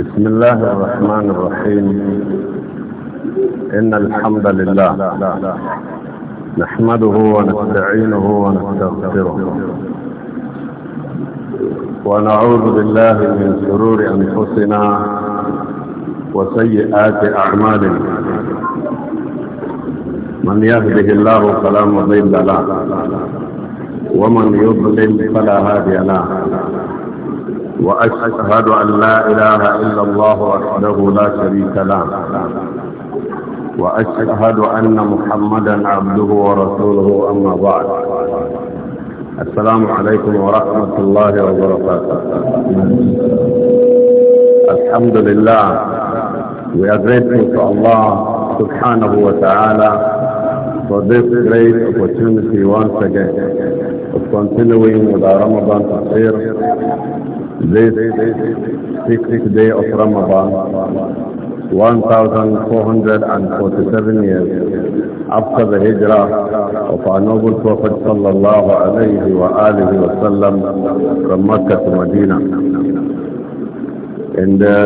بسم الله الرحمن الرحيم إن الحمد لله نحمده ونستعينه ونستغفره ونعوذ بالله من شرور أنفسنا وسيئات أعمالنا من يهده الله فلا مضل له ومن يضلل فلا هادي له وأشهد أن لا إله إلا الله وحده لا شريك له وأشهد أن محمدا عبده ورسوله أما بعد السلام عليكم ورحمة الله وبركاته الحمد لله We are grateful to Allah subhanahu wa ta'ala for this great opportunity once again continuing with our Ramadan Tafsir, this sixth day of Ramadan, 1447 years after the hijrah of our noble Prophet sallallahu alayhi wa alihi wa sallam from Mecca to Medina. In the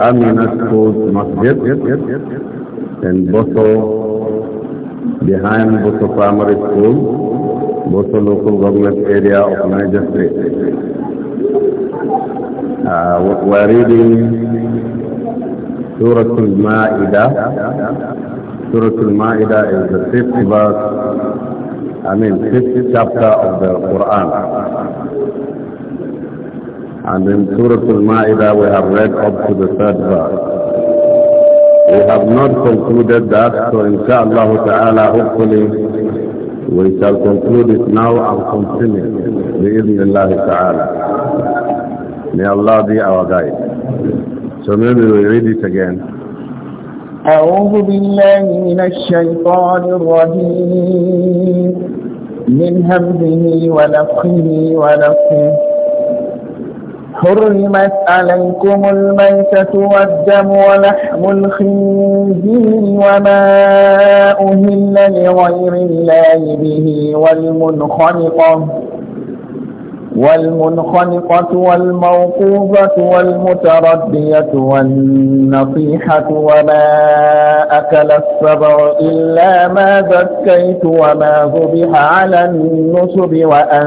Aminat School's Masjid in Boso, behind Boso Primary School, Bosa local government area of Niger State. Uh, we're reading Surah al Surah al is the fifth verse, I mean fifth chapter of the Quran. And in Surah al we have read up to the third verse. We have not concluded that, so inshallah ta'ala hopefully We shall conclude it now and continue. Bi'idhnillahi ta'ala. May Allah be our guide. So maybe we read it again. أعوذ بالله من الشيطان الرجيم من همزه ونفخه ونفخه حرمت عليكم الميتة والدم ولحم الخنزير وما أهل لغير الله به والمنخنقة والمنخنقة والموقوفة والمتردية والنصيحة وما أكل السبع إلا ما ذكيت وما ذبح على النصب وأن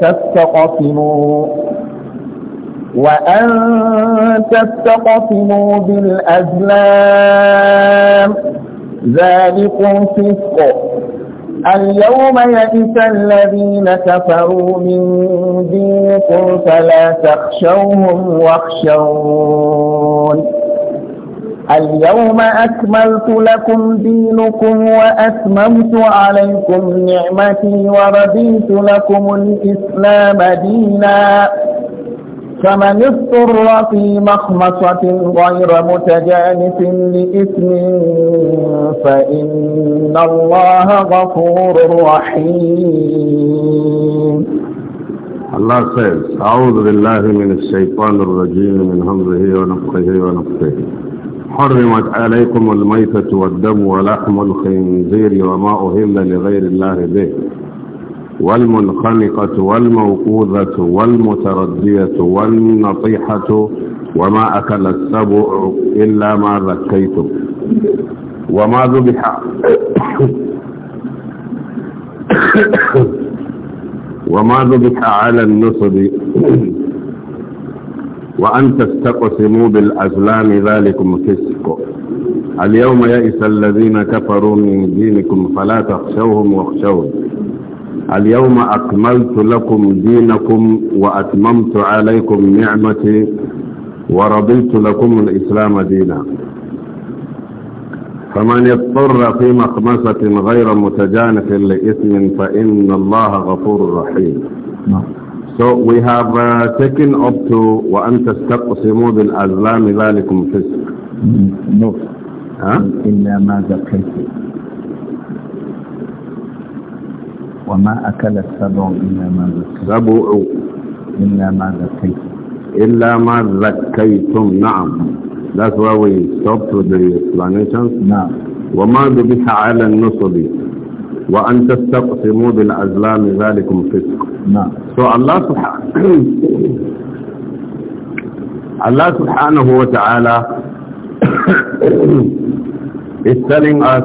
تستقسموا وأن تستقسموا بالأزلام ذلكم فسق اليوم يئس الذين كفروا من دينكم فلا تخشوهم واخشون اليوم أكملت لكم دينكم وأتممت عليكم نعمتي ورضيت لكم الإسلام ديناً فمن اضطر في مخمصة غير متجانس لإثم فإن الله غفور رحيم الله says, أعوذ بالله من الشيطان الرجيم من همزه ونفخه ونفخه حرمت عليكم الميتة والدم ولحم الخنزير وما أهل لغير الله به والمنخنقة والموقوذة والمتردية والنطيحة وما أكل السبع إلا ما ذكيتم وما ذبح وما ذبح على النصب وأن تستقسموا بالأزلام ذلكم فسق اليوم يئس الذين كفروا من دينكم فلا تخشوهم واخشون اليوم أكملت لكم دينكم وأتممت عليكم نعمتي ورضيت لكم الإسلام دينا فمن اضطر في مخمسة غير متجانف لإثم فإن الله غفور رحيم نعم. So we have uh, taken up to وأن تستقسموا بالأزلام ذلكم فسق. No. نعم. Huh? إلا ما ذكرتم. وما أكل السبع إلا ما ذكيتم سبع إلا ما ذكيتم إلا ما ذكيتم نعم That's why we stopped with the explanations. نعم وما ذبح على النصب وأن تستقسموا بالأزلام ذلكم فسق نعم So Allah subhanahu Allah subhanahu wa ta'ala is telling us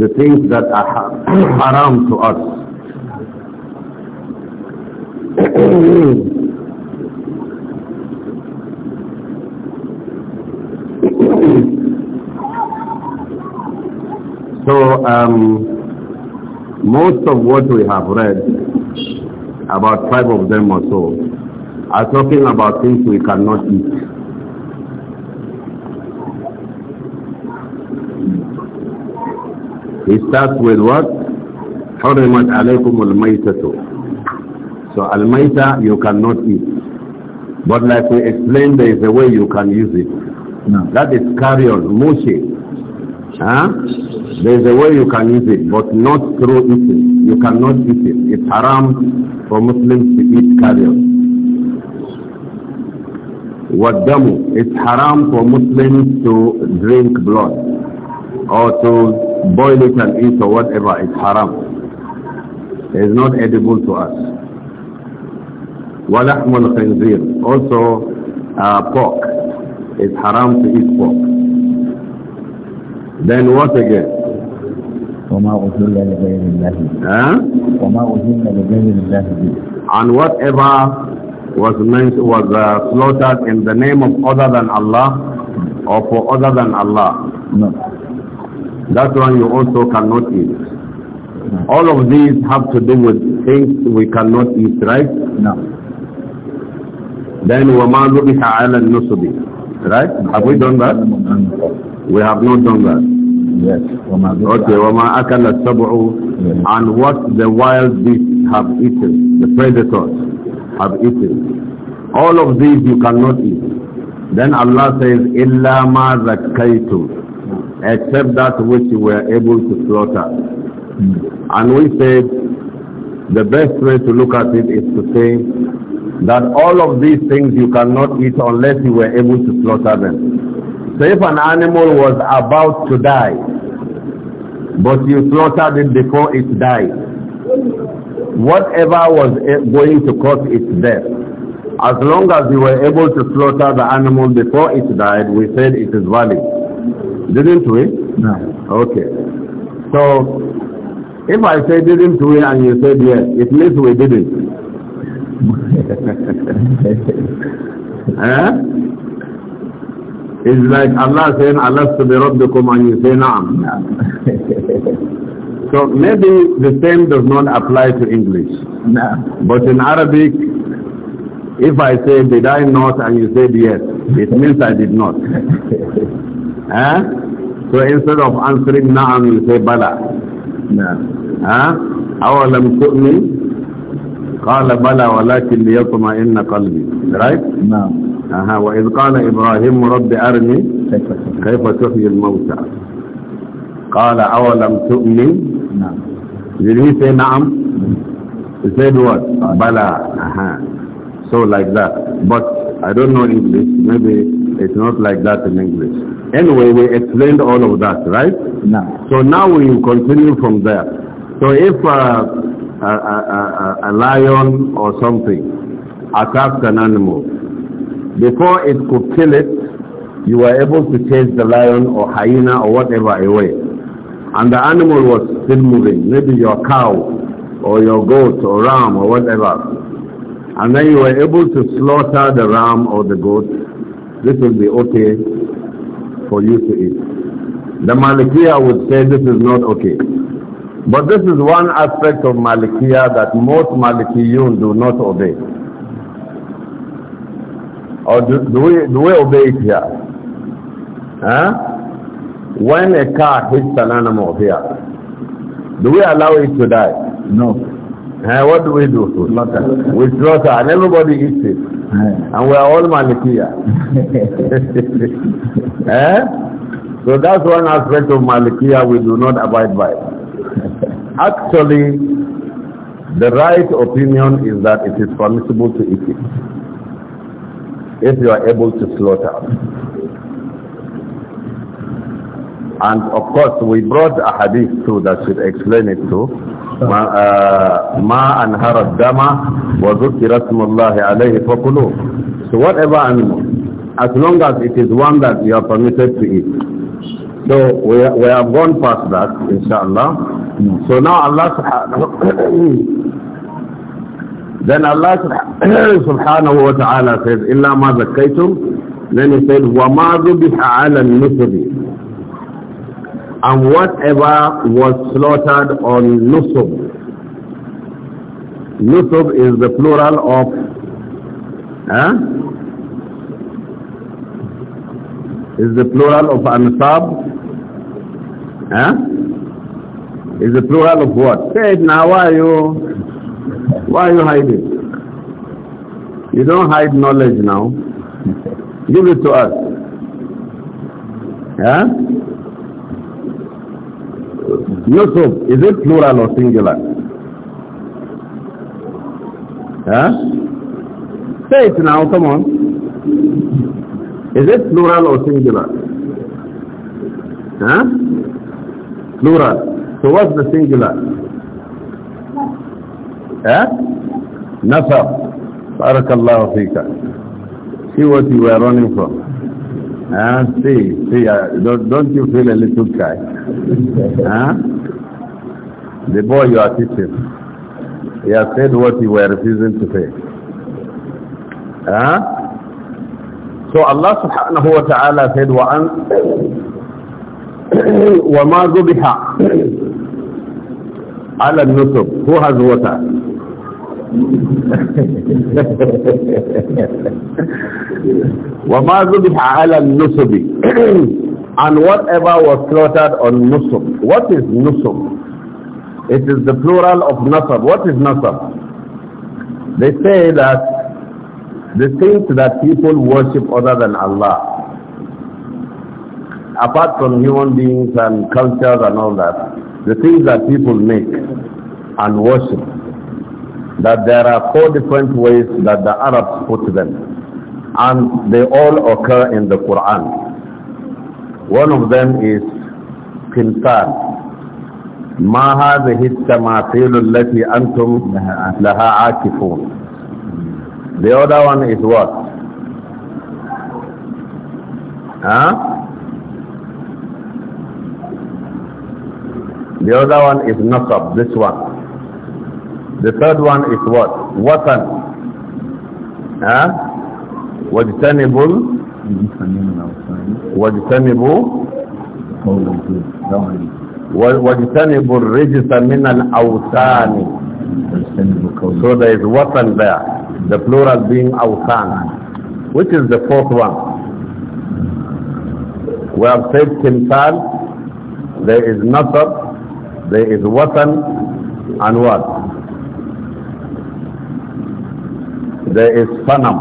the things that are haram to us. so um, most of what we have read, about five of them or so, are talking about things we cannot eat. He starts with what? حرمت عليكم الميتة. So al-maita you cannot eat. But like we explained, there is a way you can use it. No. That is carrion, mushi. Huh? There is a way you can use it, but not through eating. You cannot eat it. It's haram for Muslims to eat carrion. Wadamu, it's haram for Muslims to drink blood or to boil it and eat or whatever, it's haram. It is not edible to us. وَلَحْمُ الْخِنْزِيرِ Also, uh, pork. It's haram to eat pork. Then what again? وما أهل لغير الله وما أهل لغير الله and whatever was meant was uh, slaughtered in the name of other than Allah or for other than Allah no. That one you also cannot eat. All of these have to do with things we cannot eat, right? No. Then وَمَا ذُبِحَ عَلَى النُّصُبِ Right? Have we done that? We have not done that. Yes. Okay, وَمَا أَكَلَ السَّبْعُ And what the wild beasts have eaten, the predators have eaten. All of these you cannot eat. Then Allah says, إِلَّا مَا ذَكَّيْتُمْ except that which you were able to slaughter. And we said the best way to look at it is to say that all of these things you cannot eat unless you were able to slaughter them. So if an animal was about to die, but you slaughtered it before it died, whatever was going to cause its death, as long as you were able to slaughter the animal before it died, we said it is valid. Didn't we? No. Okay. So, if I say didn't we and you said yes, it means we didn't. eh? It's like Allah saying, Allah to wa Rabbikum and you say na'am. so maybe the same does not apply to English. No. But in Arabic, if I say, did I not, and you said yes, it means I did not. Huh? So instead of answering na'am, you say bala. Huh? أولم تؤمن قال بلى ولكن ليطمئن قلبي right نعم أها وإذ قال إبراهيم رب أرني كيف تحيي الموتى قال أولم تؤمن did he say نعم he said what Bala. أها so like that but I don't know English maybe it's not like that in English Anyway, we explained all of that, right? No. So now we continue from there. So if uh, a, a, a, a lion or something attacks an animal, before it could kill it, you were able to chase the lion or hyena or whatever away. And the animal was still moving, maybe your cow or your goat or ram or whatever. And then you were able to slaughter the ram or the goat. This will be okay for you to eat. The Malikiya would say this is not okay. But this is one aspect of Malikiya that most Malikiyun do not obey. Or do, do, we, do we obey it here? Huh? When a car hits an animal here, do we allow it to die? No. Uh, what do we do? Slaughter. We slaughter and everybody eats it. And we are all Malikiya. eh? So that's one aspect of Malikiya we do not abide by. Actually, the right opinion is that it is permissible to eat it. If you are able to slaughter. And of course, we brought a hadith too that should explain it too. Ma أنهر الدم وذكر اسم الله alayhi فكلوا. So whatever animal, as long as it is one that you are permitted to eat. So we, we have gone past that, inshallah. So now Allah subhanahu then Allah subhanahu wa ta'ala says, إِلَّا مَا ذَكَّيْتُمْ Then he said, وَمَا ذُبِحَ عَلَى النُّسُبِ and whatever was slaughtered on Nusub. Nusub is the plural of huh? is the plural of Ansab. Huh? Is the plural of what? Say it now, why are you why are you hiding? You don't hide knowledge now. Give it to us. Huh? Yusuf, is it plural or singular? Huh? Say it now, come on. Is it plural or singular? Huh? Plural. So what's the singular? Huh? Nasab. Barakallahu fika. See what you were running from. Ah, See, see, uh, don't, don't you feel a little shy? huh? The boy you are teaching, he has said what he were refusing to say. Huh? So Allah subhanahu wa ta'ala said, وَمَا ذُبِحَ عَلَى النُّسُبْ Who has water? وَمَا ذُبِحَ عَلَى And whatever was slaughtered on nusub. What is nusub? It is the plural of nasab. What is nasab? They say that the things that people worship other than Allah, apart from human beings and cultures and all that, the things that people make and worship, that there are four different ways that the Arabs put them. And they all occur in the Quran. One of them is Qintan. ما هذه التماثيل التي أنتم لها عاكفون The other one is what? Huh? The other one is nasab, this one. The third one is what? Watan. Huh? Wajtanibul. Wajtanibu. وَاجْتَنِبُوا الرِّجْسَ مِنَ الْأَوْثَانِ So there is watan there, the plural being awthan, which is the fourth one. We have said timthal, there is nasab, there is watan, and what? There is Sanam.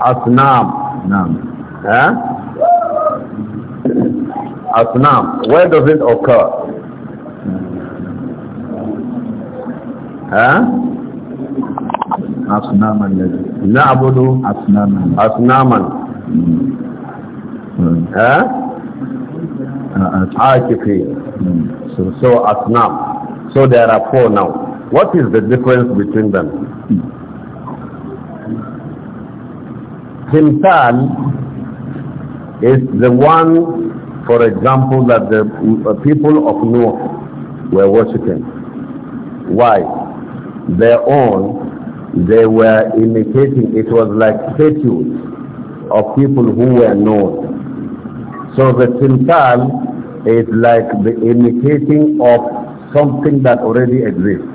Asnam. Eh? Asnam. Where does it occur? Huh? أصناما نعبد أصناما أصناما ها عاكفين so أصنام so there are four now what is the difference between them? Timtal is the one, for example, that the uh, people of Noah were worshipping. Why? Their own, they were imitating. It was like statues of people who were known. So the Timtal is like the imitating of something that already exists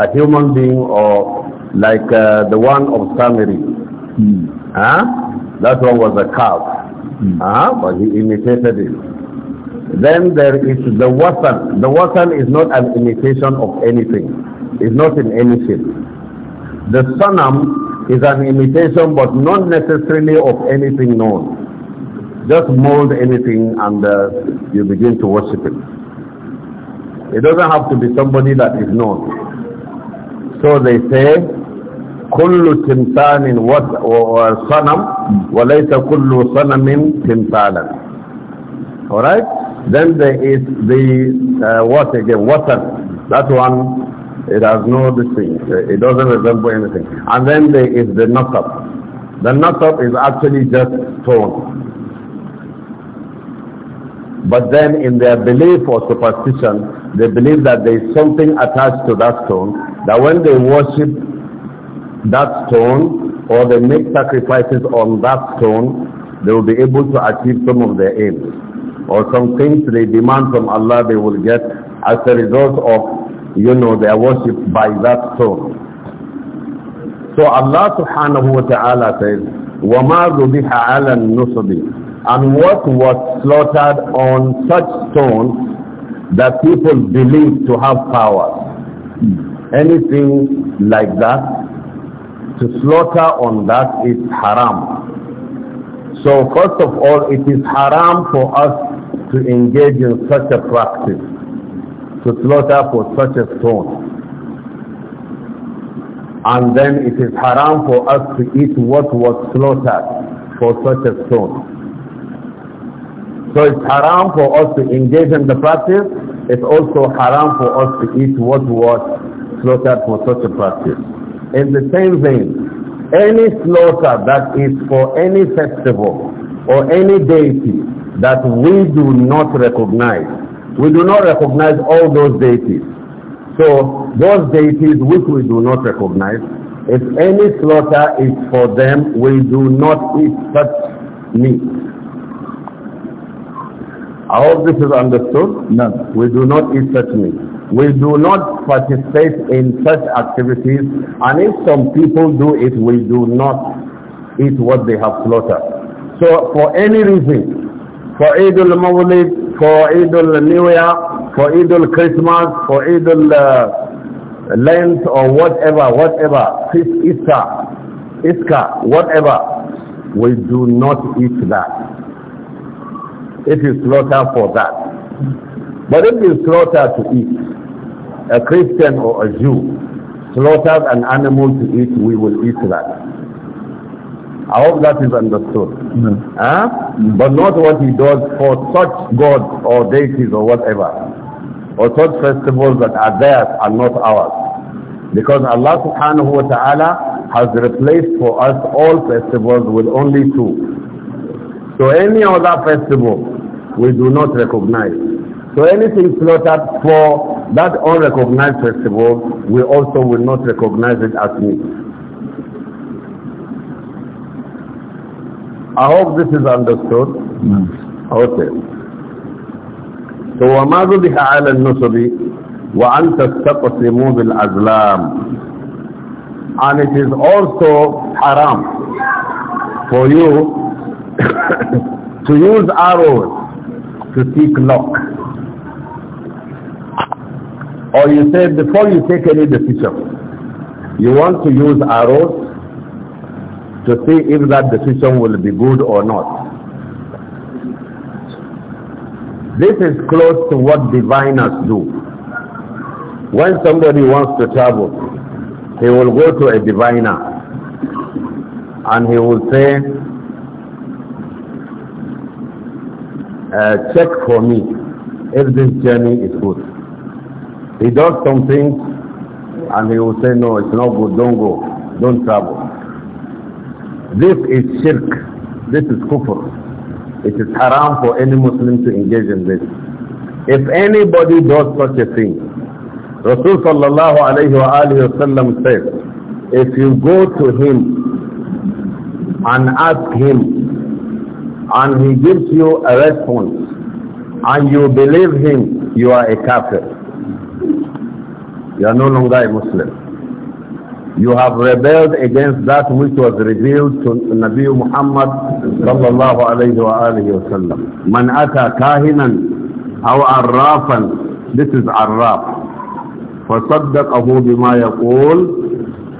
a human being or like uh, the one of Samiri. Mm. Huh? That one was a calf. Mm. Huh? But he imitated it. Then there is the watan. The watan is not an imitation of anything. It's not in any shape. The sanam is an imitation but not necessarily of anything known. Just mold anything and uh, you begin to worship it. It doesn't have to be somebody that is known. So they say, كل تمثال وصنم وليس كل صنم تمثالا. Alright? Then there is the, uh, what again? Water. That one it has no distinct. It doesn't resemble anything. And then there is the nasab. The nasab is actually just stone. But then in their belief or superstition, they believe that there is something attached to that stone that when they worship that stone or they make sacrifices on that stone, they will be able to achieve some of their aims. Or some things they demand from Allah they will get as a result of, you know, their worship by that stone. So Allah subhanahu wa ta'ala says, وَمَا ذُبِحَ عَلَى النُّصْبِ And what was slaughtered on such stones that people believe to have power anything like that, to slaughter on that is haram. So first of all, it is haram for us to engage in such a practice, to slaughter for such a stone. And then it is haram for us to eat what was slaughtered for such a stone. So it's haram for us to engage in the practice. It's also haram for us to eat what was slaughtered for such a practice. In the same vein, any slaughter that is for any festival or any deity that we do not recognize, we do not recognize all those deities. So those deities which we do not recognize, if any slaughter is for them, we do not eat such meat. I hope this is understood. No. We do not eat such meat. We do not participate in such activities and if some people do it, we do not eat what they have slaughtered. So for any reason, for Eid al-Mawlid, for Eid al-New Year, for Eid al-Christmas, for Eid al-Lent or whatever, whatever, Easter, Iska, whatever, we do not eat that. If you slaughter for that. But if you slaughter to eat, a Christian or a Jew slaughters an animal to eat, we will eat that. I hope that is understood. Mm. Huh? Mm. But not what he does for such gods or deities or whatever, or such festivals that are theirs and not ours. Because Allah subhanahu wa ta'ala has replaced for us all festivals with only two. So any other festival we do not recognize. So anything slaughtered for that unrecognized festival, we also will not recognize it as meat. I hope this is understood. Mm. Okay. So وما ذبح على النصب وأن تستقسموا بالأزلام and it is also haram for you to use arrows to seek luck or you say before you take any decision, you want to use arrows to see if that decision will be good or not. This is close to what diviners do. When somebody wants to travel, he will go to a diviner and he will say, uh, check for me if this journey is good. He does some things and he will say, no, it's not good, don't go, don't travel. This is shirk. This is kufr. It is haram for any Muslim to engage in this. If anybody does such a thing, Rasul sallallahu alayhi wa alayhi wa says, if you go to him and ask him and he gives you a response and you believe him, you are a kafir. You are no longer a Muslim. You have rebelled against that which was revealed to Nabi Muhammad sallallahu alayhi wa alihi wa sallam. Man ata kahinan aw arrafan. This is arraf. فصدقه بما يقول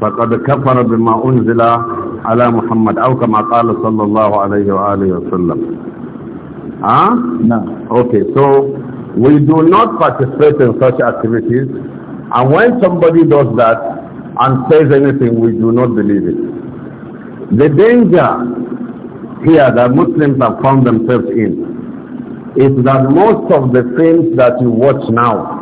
فقد كفر بما أنزل على محمد أو كما قال صلى الله عليه وآله وسلم Huh? No. Okay, so we do not participate in such activities and when somebody does that and says anything, we do not believe it. The danger here that Muslims have found themselves in is that most of the things that you watch now,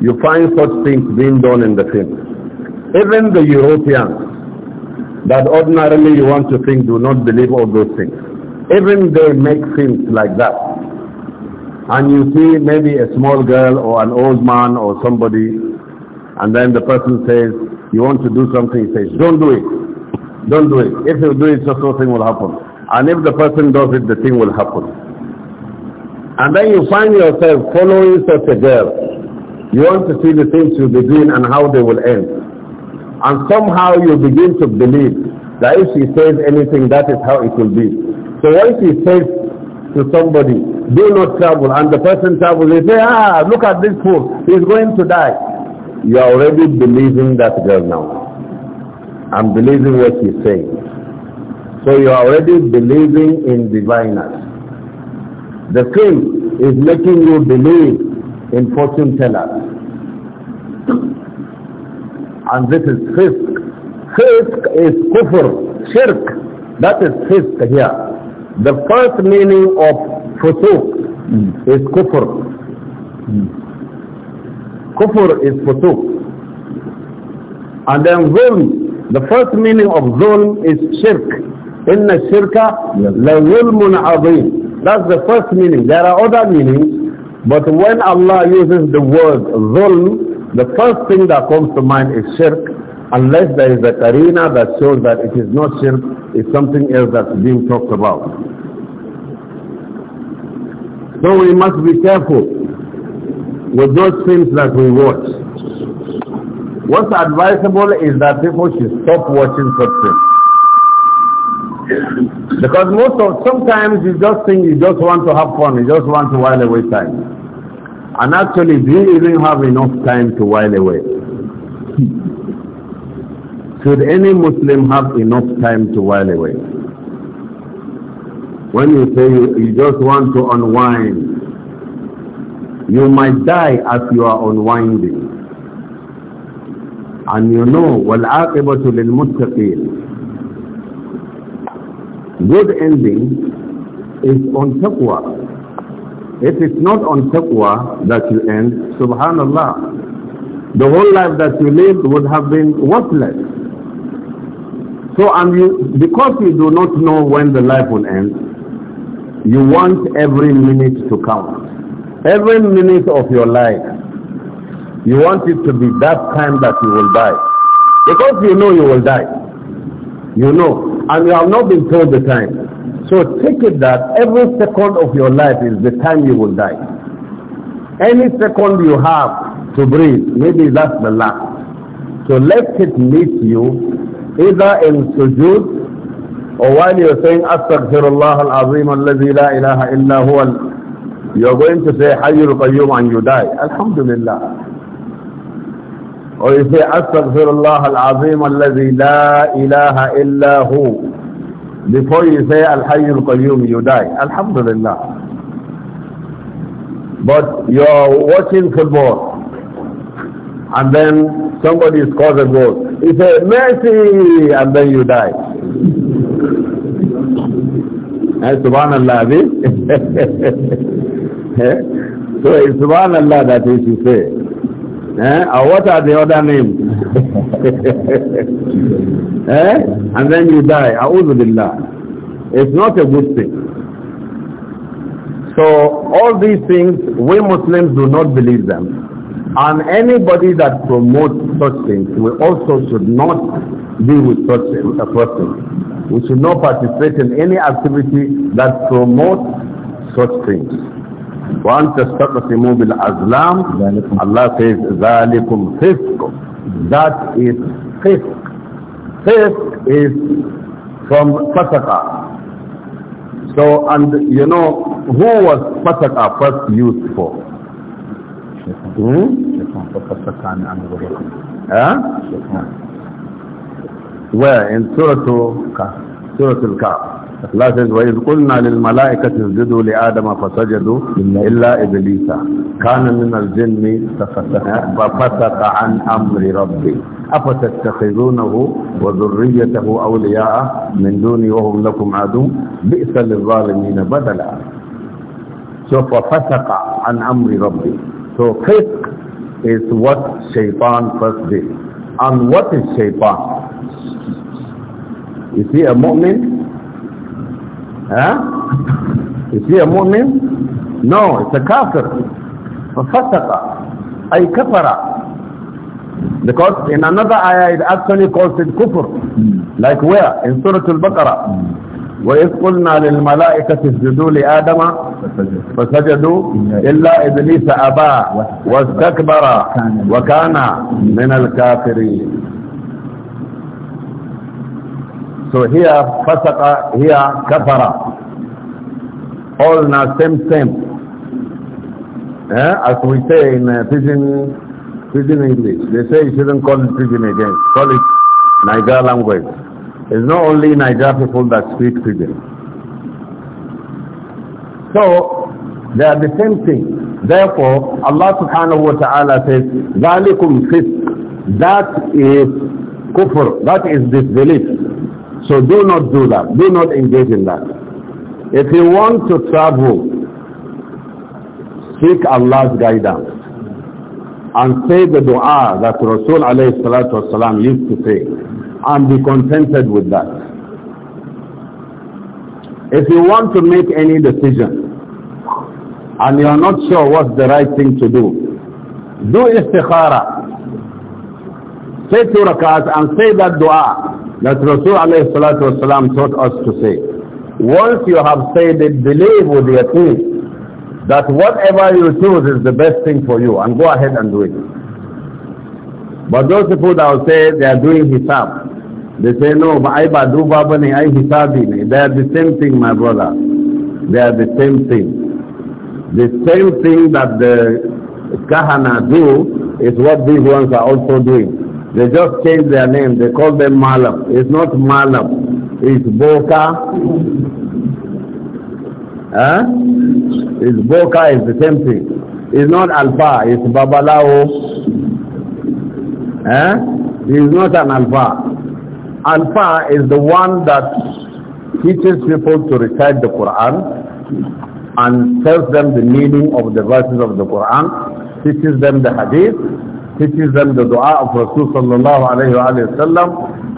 you find such things being done in the film. Even the Europeans that ordinarily you want to think do not believe all those things. Even they make things like that. And you see maybe a small girl or an old man or somebody and then the person says, you want to do something, he says, don't do it. Don't do it. If you do it, so something will happen. And if the person does it, the thing will happen. And then you find yourself following such a girl. You want to see the things you'll be doing and how they will end. And somehow you begin to believe that if she says anything, that is how it will be. So when she says to somebody, do not travel, and the person travels, they say, ah, look at this fool, he's going to die you are already believing that girl now. I'm believing what she's saying. So you are already believing in diviners. The thing is making you believe in fortune tellers. And this is fisk. Fisk is kufr, shirk. That is fisk here. The first meaning of fusuq mm. is kufr. Mm. Kufr is futuq. And then zulm, the first meaning of zulm is shirk. Inna shirka la zulmun azim. That's the first meaning. There are other meanings, but when Allah uses the word zulm, the first thing that comes to mind is shirk, unless there is a karina that shows that it is not shirk, it's something else that's being talked about. So we must be careful with those films that we watch. What's advisable is that people should stop watching such films. Because most of, sometimes you just think you just want to have fun, you just want to while away time. And actually, do you even have enough time to while away? Should any Muslim have enough time to while away? When you say you, you just want to unwind, you might die as you are unwinding. And you know, وَالْعَاقِبَةُ muttaqin. Good ending is on taqwa. If it's not on taqwa that you end, subhanallah, the whole life that you lived would have been worthless. So and you, because you do not know when the life will end, you want every minute to count. Every minute of your life, you want it to be that time that you will die. Because you know you will die. You know. And you have not been told the time. So take it that every second of your life is the time you will die. Any second you have to breathe, maybe that's the last. So let it meet you either in sujood or while you're saying astaghfirullah al-azim alladhi la ilaha illa huwa you are going to say Hayyul Qayyum and you die. Alhamdulillah. Or you say Astaghfirullah al-Azim alladhi la ilaha illa hu. Before you say Al-Hayyul Qayyum, you die. Alhamdulillah. But you are watching football and then somebody scores a goal. You say, Mercy! And then you die. and eh, subhanallah, So it's subhanallah that he should say. Eh? what are the other names? eh? And then you die. A'udhu billah. It's not a good thing. So all these things, we Muslims do not believe them. And anybody that promotes such things, we also should not be with such a person. Uh, we should not participate in any activity that promotes such things. وأن تستقسموا بالأزلام Allah says ذلكم فسق that is فسق فسق is from فسقا so and you know who was فسقا first used for hmm? where in Surah Surah Al-Kahf الله وإذ قلنا للملائكة اسجدوا لآدم فسجدوا إلا إبليس كان من الجن ففسق عن أمر ربي أفتتخذونه وذريته أولياء من دوني وهم لكم عدو بئس للظالمين بدلا So ففسق عن أمر ربي So فسق is what shaitan first did. And what is shaitan? You see a moment Huh? Is he a mu'min? No, it's a kafir. Fafasaqa. Ay kafara. Because in another ayah it actually calls it kufr. Like where? In Surah Al-Baqarah. وإذ قلنا للملائكة اسجدوا لآدم فسجدوا إلا إبليس أبى واستكبر وكان من الكافرين So here, fasaqa, here, kafara. All now same, same. Eh? As we say in uh, pidgin, pidgin English, they say you shouldn't call it pidgin again. Call it Niger language. It's not only Niger people that speak pidgin. So, they are the same thing. Therefore, Allah subhanahu wa ta'ala says, ذَلِكُمْ فِسْقٍ That is kufr, that is disbelief. So do not do that. Do not engage in that. If you want to travel, seek Allah's guidance and say the dua that Rasul alayhi used to say and be contented with that. If you want to make any decision and you are not sure what's the right thing to do, do istikhara. Say two rakats and say that dua that Rasul والسلام, taught us to say. Once you have said it, believe with your teeth that whatever you choose is the best thing for you and go ahead and do it. But those people that say they are doing hisab, they say, no, I badu babani, I hisabi They are the same thing, my brother. They are the same thing. The same thing that the kahana do is what these ones are also doing. They just change their name. They call them Malab. It's not Malab. It's Boka. Huh? It's Boka is the same thing. It's not Alfa. It's Babalao. Huh? It's not an Alfa. Alfa is the one that teaches people to recite the Quran and tells them the meaning of the verses of the Quran, teaches them the hadith, تتزن دعاء الرسول صلى الله عليه وآله وسلم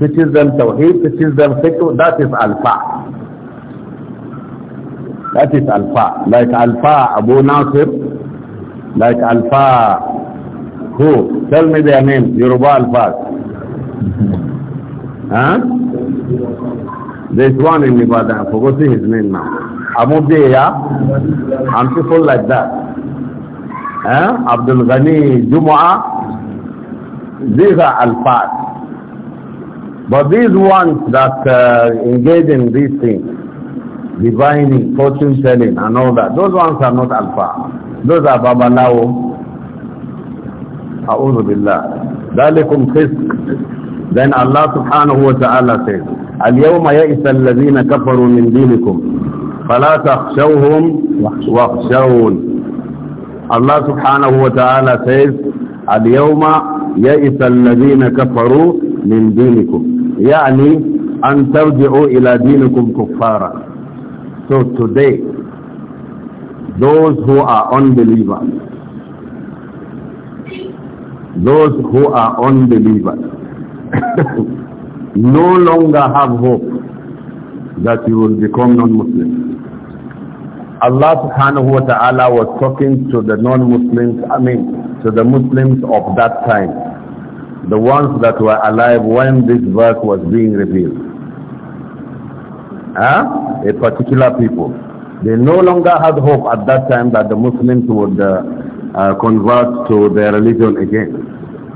تتزن توحيد تتزن فكر that فاع alfa that فاع لا like فاع أبو ناصر لا alfa فاع هو سلمي دي أمين يربع الفاع ها this one in Nevada I forgot his name now Abu Amudeya I'm people like that eh? Abdul Ghani Jumu'ah these are alfas. But these ones that uh, engage in these things, divining, fortune telling and all that, those ones are not alfa. Those are babalawo. أعوذ billah. ذلكم فسق then Allah subhanahu wa ta'ala says اليوم يئس الذين كفروا من دينكم فلا تخشوهم واخشون Allah subhanahu wa ta'ala says اليوم يئس الذين كفروا من دينكم يعني أن ترجعوا إلى دينكم كفارا So today, those who are unbelievers, those who are unbelievers, no longer have hope that you will become non-Muslim. Allah subhanahu wa ta'ala was talking to the non-Muslims, I mean, to the Muslims of that time, the ones that were alive when this verse was being revealed. Huh? A particular people. They no longer had hope at that time that the Muslims would uh, uh, convert to their religion again.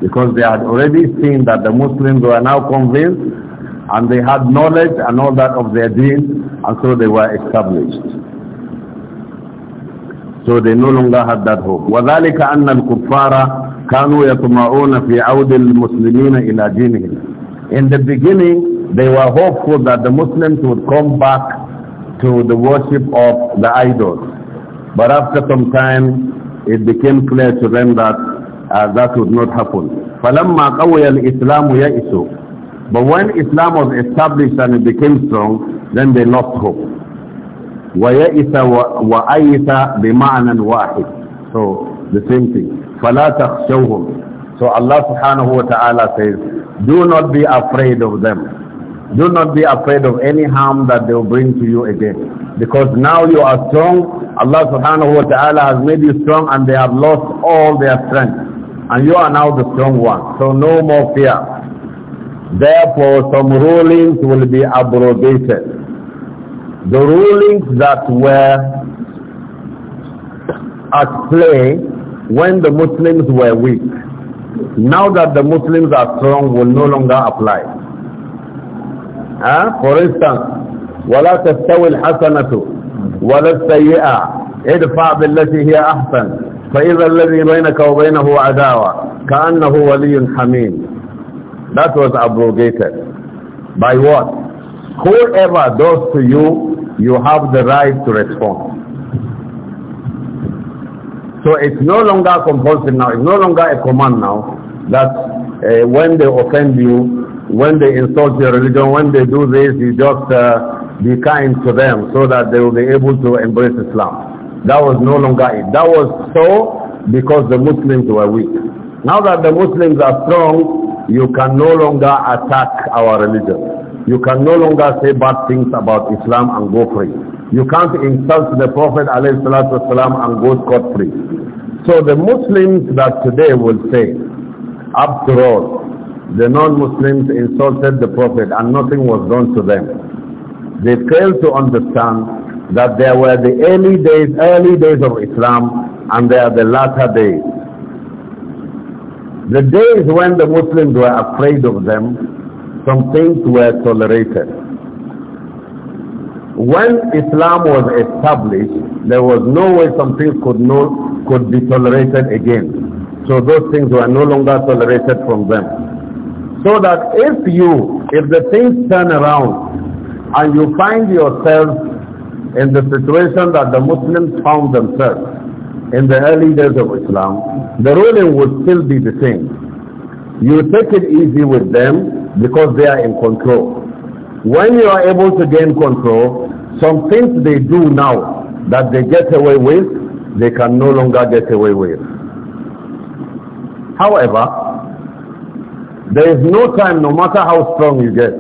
Because they had already seen that the Muslims were now convinced and they had knowledge and all that of their deen and so they were established. So they no longer had that hope. In the beginning, they were hopeful that the Muslims would come back to the worship of the idols. But after some time, it became clear to them that uh, that would not happen. But when Islam was established and it became strong, then they lost hope. ويئس وأيس بمعنى واحد so the same thing فلا تخشوهم so Allah subhanahu wa ta'ala says do not be afraid of them do not be afraid of any harm that they will bring to you again because now you are strong Allah subhanahu wa ta'ala has made you strong and they have lost all their strength and you are now the strong one so no more fear therefore some rulings will be abrogated the rulings that were at play when the Muslims were weak, now that the Muslims are strong, will no longer apply. Huh? For instance, ولا تستوي الحسنة ولا السيئة ادفع بالتي هي أحسن فإذا الذي بينك وبينه عداوة كأنه ولي حميم That was abrogated. By what? Whoever does to you you have the right to respond. So it's no longer compulsory now, it's no longer a command now that uh, when they offend you, when they insult your religion, when they do this, you just uh, be kind to them so that they will be able to embrace Islam. That was no longer it. That was so because the Muslims were weak. Now that the Muslims are strong, you can no longer attack our religion you can no longer say bad things about Islam and go free. You can't insult the Prophet ﷺ and go scot-free. So the Muslims that today will say, after all, the non-Muslims insulted the Prophet and nothing was done to them. They fail to understand that there were the early days, early days of Islam and there are the latter days. The days when the Muslims were afraid of them some things were tolerated. When Islam was established, there was no way some things could, no, could be tolerated again. So those things were no longer tolerated from them. So that if you, if the things turn around and you find yourself in the situation that the Muslims found themselves in the early days of Islam, the ruling would still be the same you take it easy with them because they are in control. When you are able to gain control, some things they do now that they get away with, they can no longer get away with. However, there is no time, no matter how strong you get,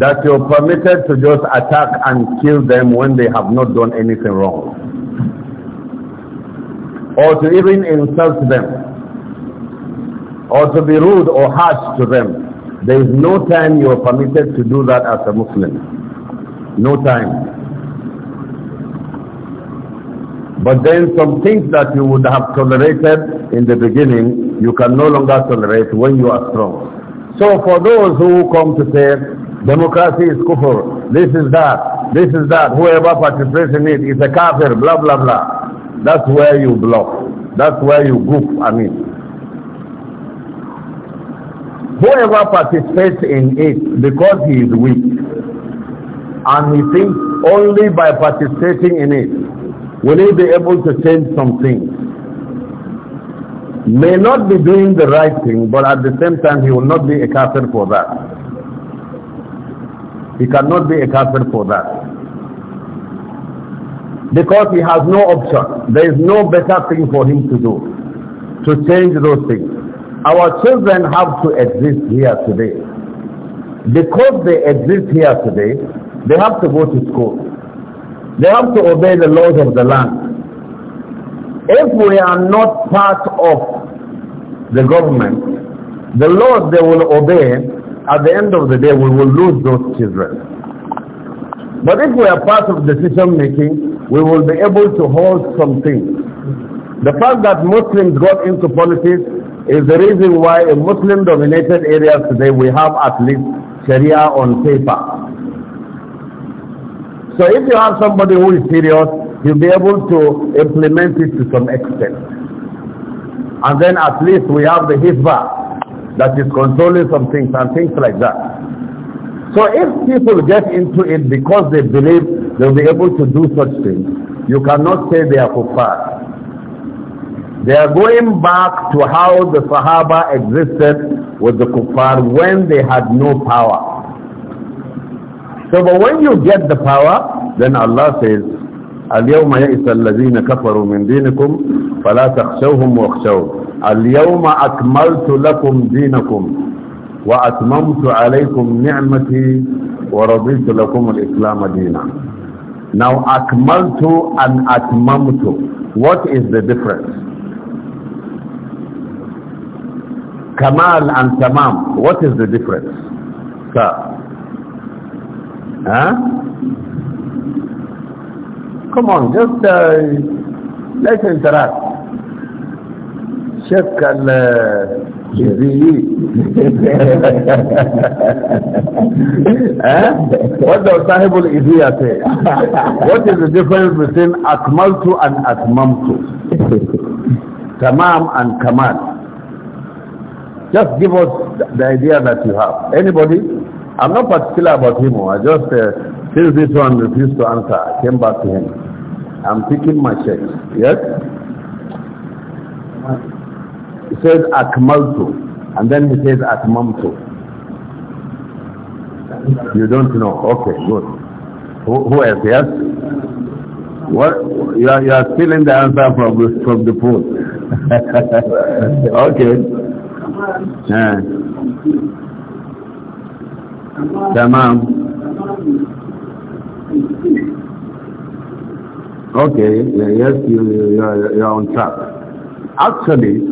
that you're permitted to just attack and kill them when they have not done anything wrong. Or to even insult them or to be rude or harsh to them. There is no time you are permitted to do that as a Muslim. No time. But then some things that you would have tolerated in the beginning, you can no longer tolerate when you are strong. So for those who come to say, democracy is kufr, this is that, this is that, whoever participates in it is a kafir, blah, blah, blah. That's where you block. That's where you goof, I mean whoever participates in it because he is weak and he thinks only by participating in it will he be able to change some things may not be doing the right thing but at the same time he will not be a kafir for that he cannot be a kafir for that because he has no option there is no better thing for him to do to change those things our children have to exist here today. Because they exist here today, they have to go to school. They have to obey the laws of the land. If we are not part of the government, the laws they will obey, at the end of the day we will lose those children. But if we are part of decision making, we will be able to hold some things. The fact that Muslims got into politics is the reason why in Muslim-dominated areas today we have at least Sharia on paper. So if you have somebody who is serious, you'll be able to implement it to some extent. And then at least we have the Hizbah that is controlling some things and things like that. So if people get into it because they believe they'll be able to do such things, you cannot say they are kuffar. They are going back to how the Sahaba existed with the Kuffar when they had no power. So but when you get the power, then Allah says, اليوم يئس الذين كفروا من دينكم فلا تخشوهم واخشوا اليوم أكملت لكم دينكم وأتممت عليكم نعمتي ورضيت لكم الإسلام دينا Now أكملت and أتممت What is the difference? Kamal and Tamam, what is the difference? Sir? Huh? Come on, just uh, let's interact. Check and uh, huh? What does Sahibul Iziya say? what is the difference between Akmaltu and Atmamtu? Tamam and Kamal. Just give us the idea that you have. Anybody? I'm not particular about him. Oh. I just, uh, since this one refused to answer, I came back to him. I'm picking my check. Yes? It says Akmalto, And then he says Akmamtu. You don't know. Okay, good. Who, who else? Yes? What? You are, you are stealing the answer from, from the pool. okay. تمام Okay, yes, you, you, are, you are on track. Actually,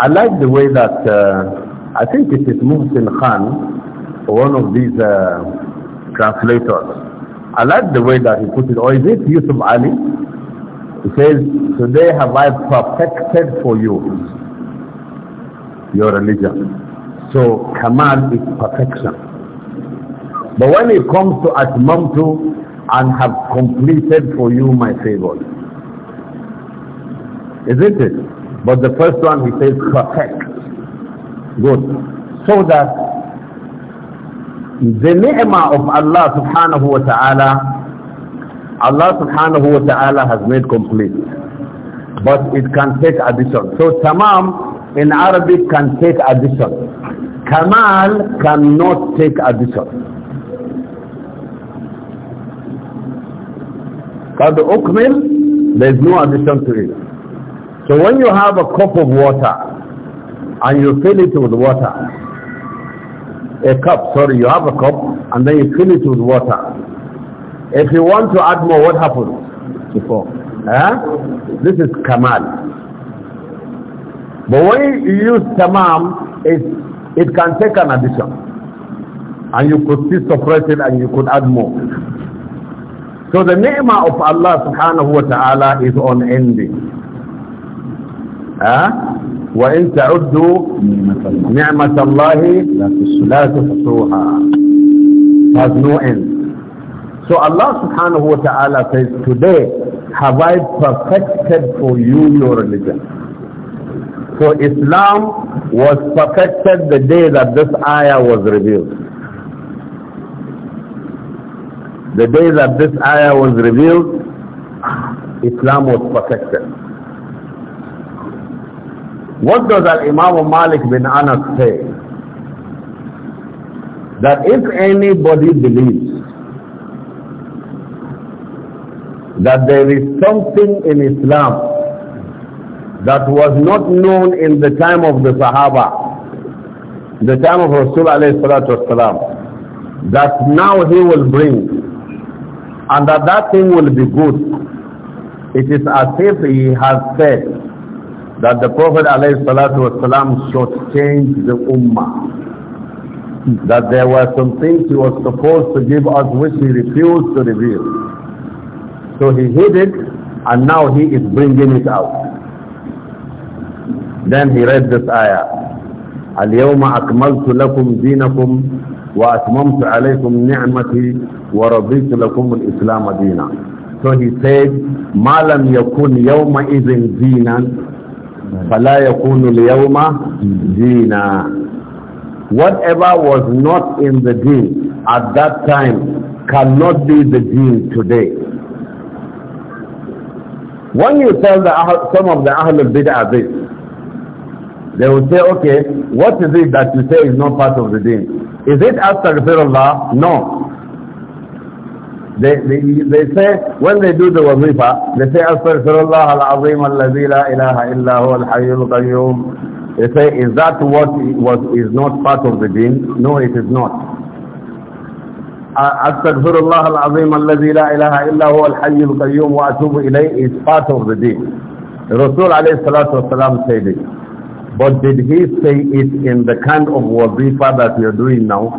I like the way that, uh, I think it is Muhsin Khan, one of these uh, translators. I like the way that he put it, or is it Yusuf Ali? He says, today have I perfected for you your religion. So Kamal is perfection. But when it comes to Atmamtu, and have completed for you my favor. Isn't it? But the first one he says perfect. Good. So that the ni'mah of Allah subhanahu wa ta'ala, Allah subhanahu wa ta'ala has made complete. But it can take addition. So tamam in Arabic can take addition. Kamal cannot take addition. the أكمل there is no addition to it. So when you have a cup of water and you fill it with water, a cup, sorry, you have a cup and then you fill it with water. If you want to add more, what happens? Before. Eh? This is Kamal. But when you use tamam, it, it can take an addition. And you could still suppress it and you could add more. So the name of Allah subhanahu wa ta'ala is unending. Huh? وإن تعدوا نعمة الله لا تحصوها has no end. So Allah subhanahu wa ta'ala says, today have I perfected for you your religion. So Islam was perfected the day that this ayah was revealed. The day that this ayah was revealed, Islam was perfected. What does Imam Malik bin Anas say? That if anybody believes that there is something in Islam that was not known in the time of the Sahaba, the time of Rasulullah that now he will bring and that that thing will be good. It is as if he has said that the Prophet والسلام, should change the Ummah. That there were some things he was supposed to give us which he refused to reveal. So he hid it and now he is bringing it out. Then he read this ayah. اليوم أكملت لكم دينكم وأتممت عليكم نعمتي ورضيت لكم الإسلام دينا. So he said, ما لم يكن يومئذ دينا فلا يكون اليوم دينا. Whatever was not in the deen at that time cannot be the deen today. When you tell the, some of the Ahlul Bid'ah this, they will say, okay, what is it that you say is not part of the deen? Is it astaghfirullah? No. They, they, they say, when they do the wazifa, they say astaghfirullah al-azim al-lazi la ilaha illa huwa al-hayyul qayyum. They say, is that what was, is not part of the deen? No, it is not. Astaghfirullah al-azim al-lazi la ilaha illa huwa al-hayyul qayyum wa atubu ilayh is part of the deen. Rasul alayhi salatu salam said it. But did he say it in the kind of wazifa that you're doing now?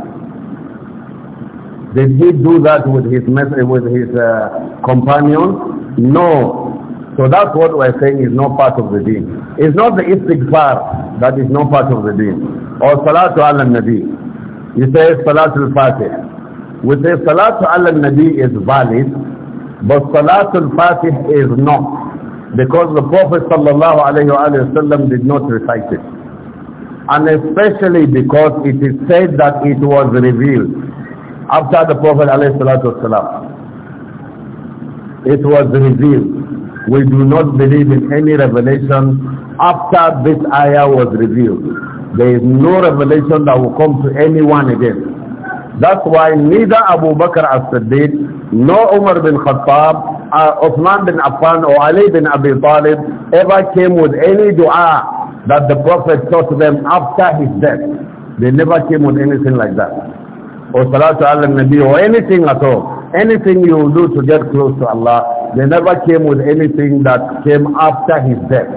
Did he do that with his with his uh, companion? No. So that's what we're saying is not part of the deen. It's not the istighfar that is not part of the deen. Or salatu ala nabi. You say salatu al-fatih. We say salatu ala nabi is valid, but salatu al-fatih is not because the Prophet ﷺ did not recite it. And especially because it is said that it was revealed after the Prophet ﷺ. It was revealed. We do not believe in any revelation after this ayah was revealed. There is no revelation that will come to anyone again. That's why neither Abu Bakr as-Siddiq nor Umar bin Khattab uh, Uthman bin Affan or Ali bin Abi Talib ever came with any dua that the Prophet taught them after his death. They never came with anything like that. Or Salatu ala Nabi or anything at all. Anything you do to get close to Allah, they never came with anything that came after his death.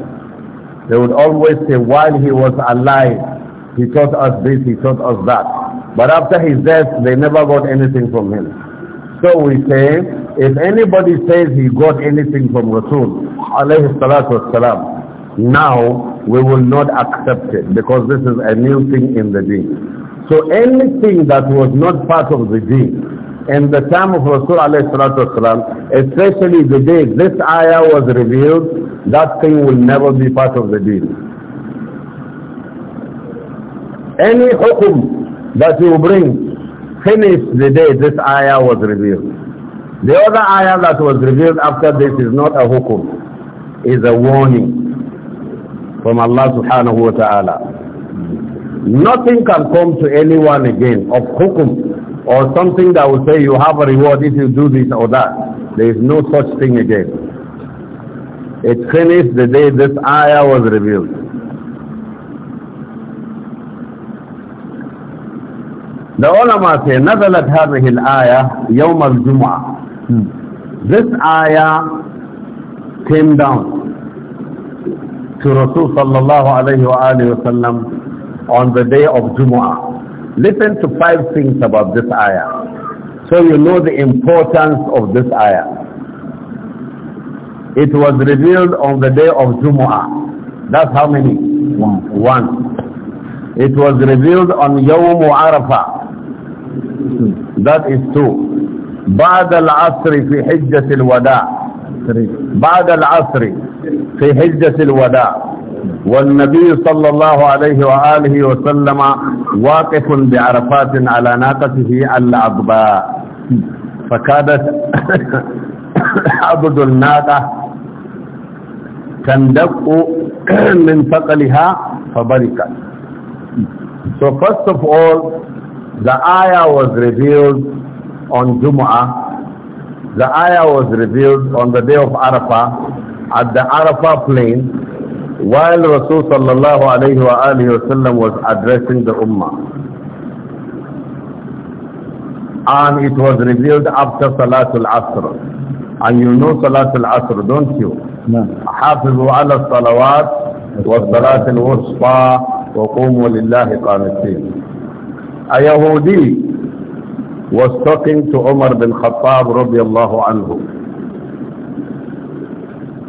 They would always say, while he was alive, he taught us this, he taught us that. But after his death, they never got anything from him. So we say, if anybody says he got anything from Rasul, alayhi salatu wasalam, now we will not accept it because this is a new thing in the deen. So anything that was not part of the deen in the time of Rasul alayhi salatu wasalam, especially the day this ayah was revealed, that thing will never be part of the deen. Any hukum that you bring, finish the day this ayah was revealed. The other ayah that was revealed after this is not a hukum, is a warning from Allah subhanahu wa ta'ala. Nothing can come to anyone again of hukum or something that will say you have a reward if you do this or that. There is no such thing again. It finished the day this ayah was revealed. The ulama say, نزلت هذه الآية يوم الجمعة this ayah came down to Rasul sallallahu alayhi wa on the day of Jumu'ah. Listen to five things about this ayah. So you know the importance of this ayah. It was revealed on the day of Jumu'ah. That's how many? One. One. It was revealed on Yawm Arafah. Hmm. That is two. بعد العصر في حجة الوداع بعد العصر في حجة الوداع والنبي صلى الله عليه وآله وسلم واقف بعرفات على ناقته العضباء فكادت عبد الناقة تندق من ثقلها فبركت So first of all, the ayah was revealed on Jumu'ah. The ayah was revealed on the day of Arafah at the Arafah plain while Rasul sallallahu alayhi wa alayhi wa was addressing the Ummah. And it was revealed after Salatul Asr. And you know Salatul Asr, don't you? No. حافظوا على الصلوات والصلاة الوسطى وقوموا لله قانتين a Yahudi was talking to Umar bin Khattab radiallahu anhu.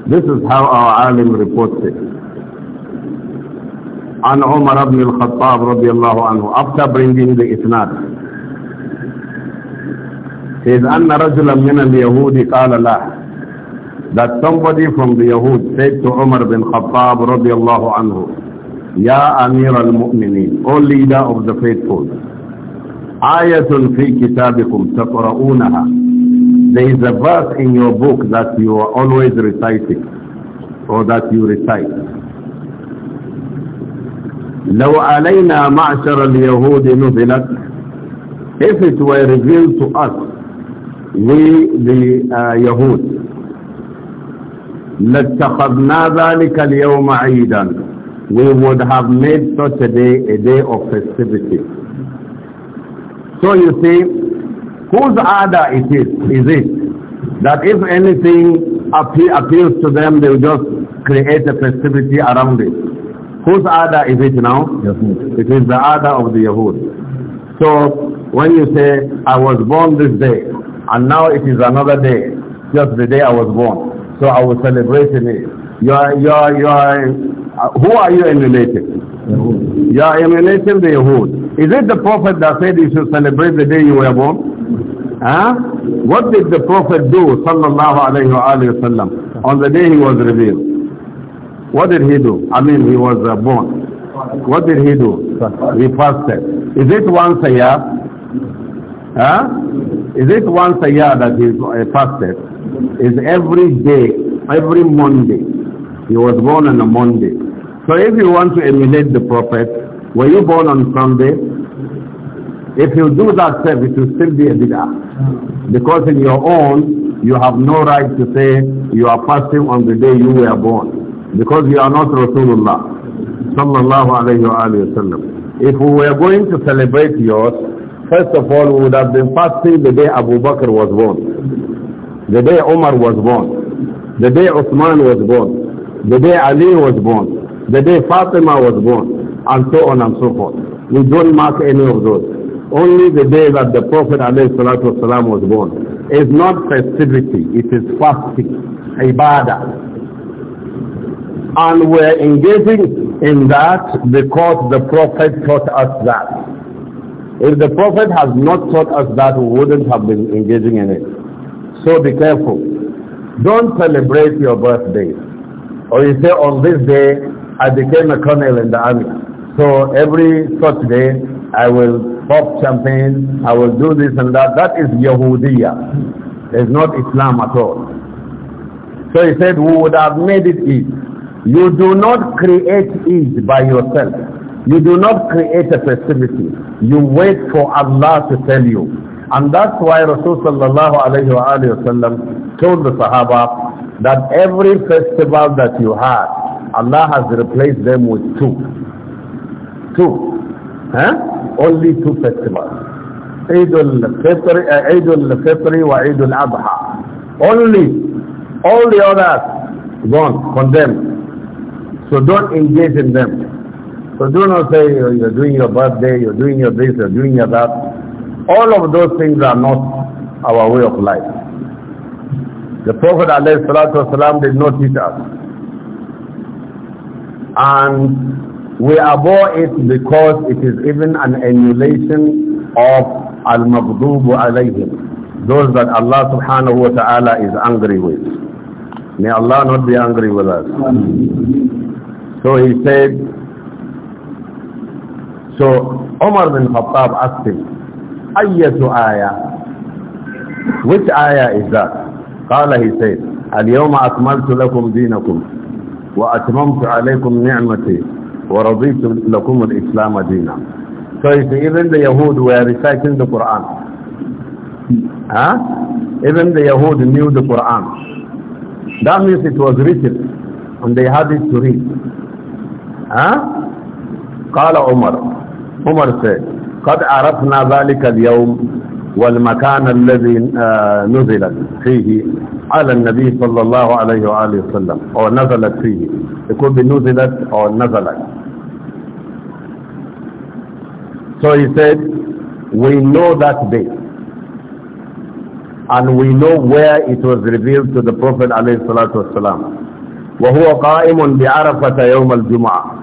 This is how our alim reports it. An Umar ibn al-Khattab radiallahu anhu, after bringing the isnad, says, أن رجلا من اليهود قال له, that somebody from the Yahud said to Umar bin Khattab radiallahu anhu, Ya Amir al-Mu'mineen, O leader of the faithful, ayatun fi kitabikum taqra'unaha there is a verse in your book that you are always reciting or that you recite لو علينا معشر اليهود نزلت if it were revealed to us we the uh, Yahud لاتخذنا ذلك اليوم عيدا we would have made such a day a day of festivity so you see, whose ada it is, is it? That if anything appe appeals to them, they will just create a festivity around it. Whose ada is it now? It is the ada of the Yahud. So when you say, I was born this day, and now it is another day, just the day I was born, so I was celebrating it. You are, you are, you are, uh, who are you emulating? Yahud. You are emulating the Yahud. Is it the Prophet that said you should celebrate the day you were born? Huh? What did the Prophet do, sallallahu alayhi wa sallam, on the day he was revealed? What did he do? I mean, he was uh, born. What did he do? He fasted. Is it once a year? Huh? Is it once a year that he uh, fasted? Is every day, every Monday. He was born on a Monday. So if you want to emulate the Prophet, were you born on Sunday? If you do that service, you still be a bid'ah. Because in your own, you have no right to say you are fasting on the day you were born. Because you are not Rasulullah. Sallallahu alayhi wa, sallam. If we were going to celebrate yours, first of all, we would have been fasting the day Abu Bakr was born. The day Omar was born. The day Uthman was born. The day Ali was born. The day Fatima was born and so on and so forth. We don't mark any of those. Only the day that the Prophet ﷺ was born. It's not festivity, it is fasting, ibadah. And we're engaging in that because the Prophet taught us that. If the Prophet has not taught us that, we wouldn't have been engaging in it. So be careful. Don't celebrate your birthday. Or you say, on this day, I became a colonel in the army. So every Saturday, I will pop champagne, I will do this and that. That is Yahudiya. It's not Islam at all. So he said, we would have made it easy. You do not create Eid by yourself. You do not create a festivity. You wait for Allah to tell you. And that's why Rasulullah sallallahu told the Sahaba that every festival that you had, Allah has replaced them with two. Two. Huh? Only two festivals. Eid al-Fitr, uh, Eid al-Fitr wa Eid al-Adha. Only. All the others gone, condemned. So don't engage in them. So do not say oh, you're doing your birthday, you're doing your this, you're doing your that. All of those things are not our way of life. The Prophet ﷺ did not teach us. And we abhor it because it is even an emulation of al-maghdubu alayhim, those that Allah subhanahu wa ta'ala is angry with. May Allah not be angry with us. So he said, so Omar bin Khattab asked him, Ayyatu ayah? Which ayah is that? Allah he said, اليوم أكملت لكم دينكم وأتممت عليكم ni'mati. ورضيت لكم الإسلام دينا so even the Yahud were reciting the Quran huh? even the Yahud knew the Quran that means it was written and they had it to read huh? قال عمر عمر said قد عرفنا ذلك اليوم والمكان الذي آه، نزلت فيه على النبي صلى الله عليه وآله وسلم أو نزلت فيه يكون نزلت أو نزلت So he said, we know that day. And we know where it was revealed to the Prophet alayhi salatu wasalam. وَهُوَ قَائِمٌ بِعَرَفَةَ يَوْمَ الْجُمْعَةِ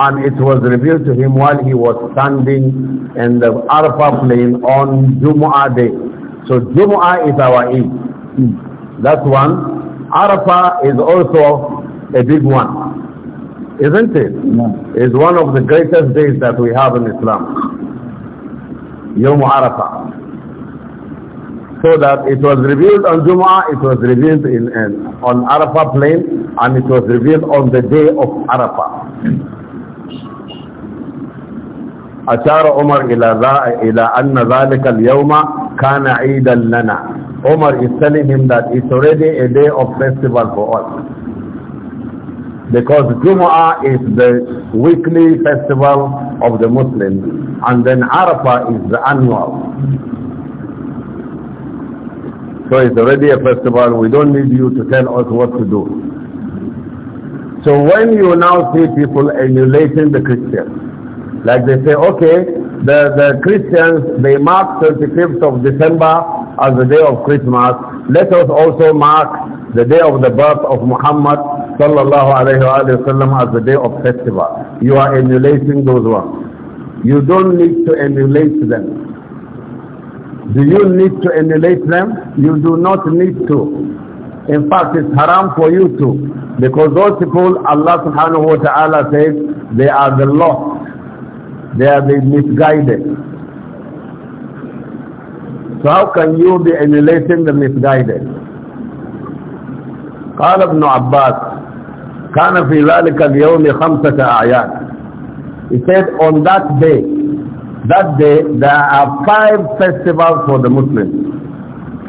and it was revealed to him while he was standing in the Arafah plain on Jumu'ah day. So Jumu'ah is our Eid. That's one. Arafah is also a big one. Isn't it? No. It's one of the greatest days that we have in Islam. Yom Arafah. So that it was revealed on Jum'ah, it was revealed in, in, on Arafah plain, and it was revealed on the day of Arafah. أشار عمر إلى إلى أن ذلك اليوم كان عيدا لنا. Umar is telling him that it's already a day of festival for us because Jumu'ah is the weekly festival of the Muslims and then Arafah is the annual. So it's already a festival, we don't need you to tell us what to do. So when you now see people emulating the Christians, like they say, okay, the, the Christians, they mark 25th of December as the day of Christmas. Let us also mark the day of the birth of Muhammad sallallahu alayhi wa sallam as the day of festival. You are emulating those ones. You don't need to emulate them. Do you need to emulate them? You do not need to. In fact, it's haram for you to. Because those people, Allah subhanahu wa ta'ala says, they are the lost. They are the misguided. So how can you be emulating the misguided? قال ابن عباس كان في ذلك اليوم خمسة أعياد he said on that day that day there are five festivals for the Muslims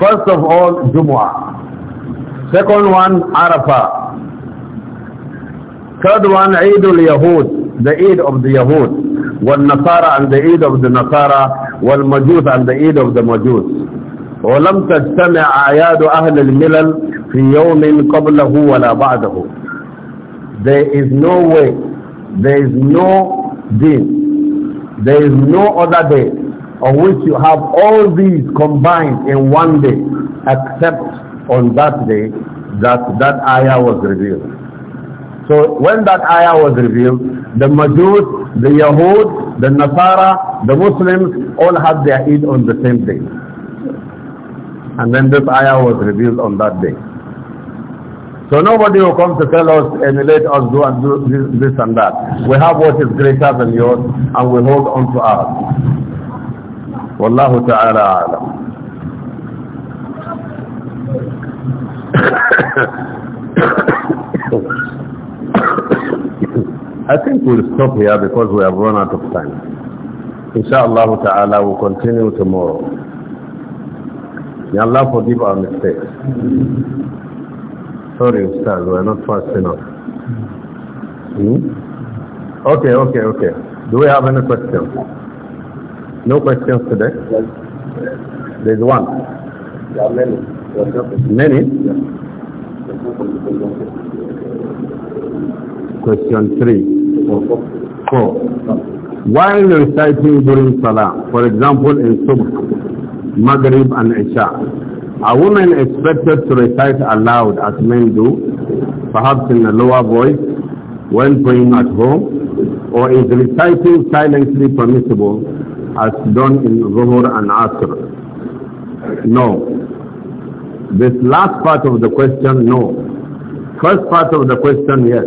first of all Jumu'ah second one Arafah third one Eid al-Yahud the Eid of the Yahud والنصارى and the Eid of the Nasara والمجوس and the Eid of the Majus ولم تجتمع أعياد أهل الملل في يوم قبله ولا بعده There is no way. There is no day. There is no other day on which you have all these combined in one day except on that day that that ayah was revealed. So when that ayah was revealed, the Majus, the Yahud, the Nasara, the Muslims all had their Eid on the same day. And then this ayah was revealed on that day. So nobody will come to tell us, emulate us, do and do this, and that. We have what is greater than yours and we hold on to ours. Wallahu ta'ala alam. I think we'll stop here because we have run out of time. Inshallah ta'ala we'll continue tomorrow. May Allah forgive our mistakes. Sorry, Ustaz, we're not fast enough. Hmm? Okay, okay, okay. Do we have any questions? No questions today? There's one. many. Many? Question three. Four. While reciting during Salah, for example in Subh, Maghrib and Isha, a woman expected to recite aloud as men do, perhaps in a lower voice, when praying at home? Or is reciting silently permissible as done in Zuhur and Asr? No. This last part of the question, no. First part of the question, yes.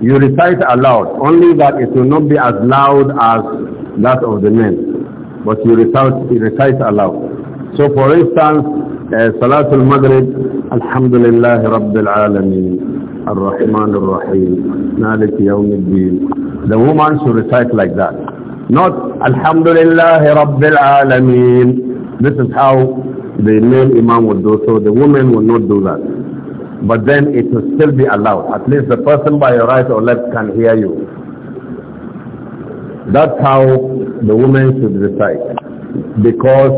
You recite aloud, only that it will not be as loud as that of the men. But you recite, you recite aloud. So for instance, uh, Salatul Maghrib, Alhamdulillah Rabbil Alameen, Ar-Rahman Ar-Rahim, Malik Yawm al The woman should recite like that. Not Alhamdulillah Rabbil Alameen. This is how the male imam would do so. The woman would not do that. But then it will still be allowed. At least the person by your right or left can hear you. That's how the woman should recite. Because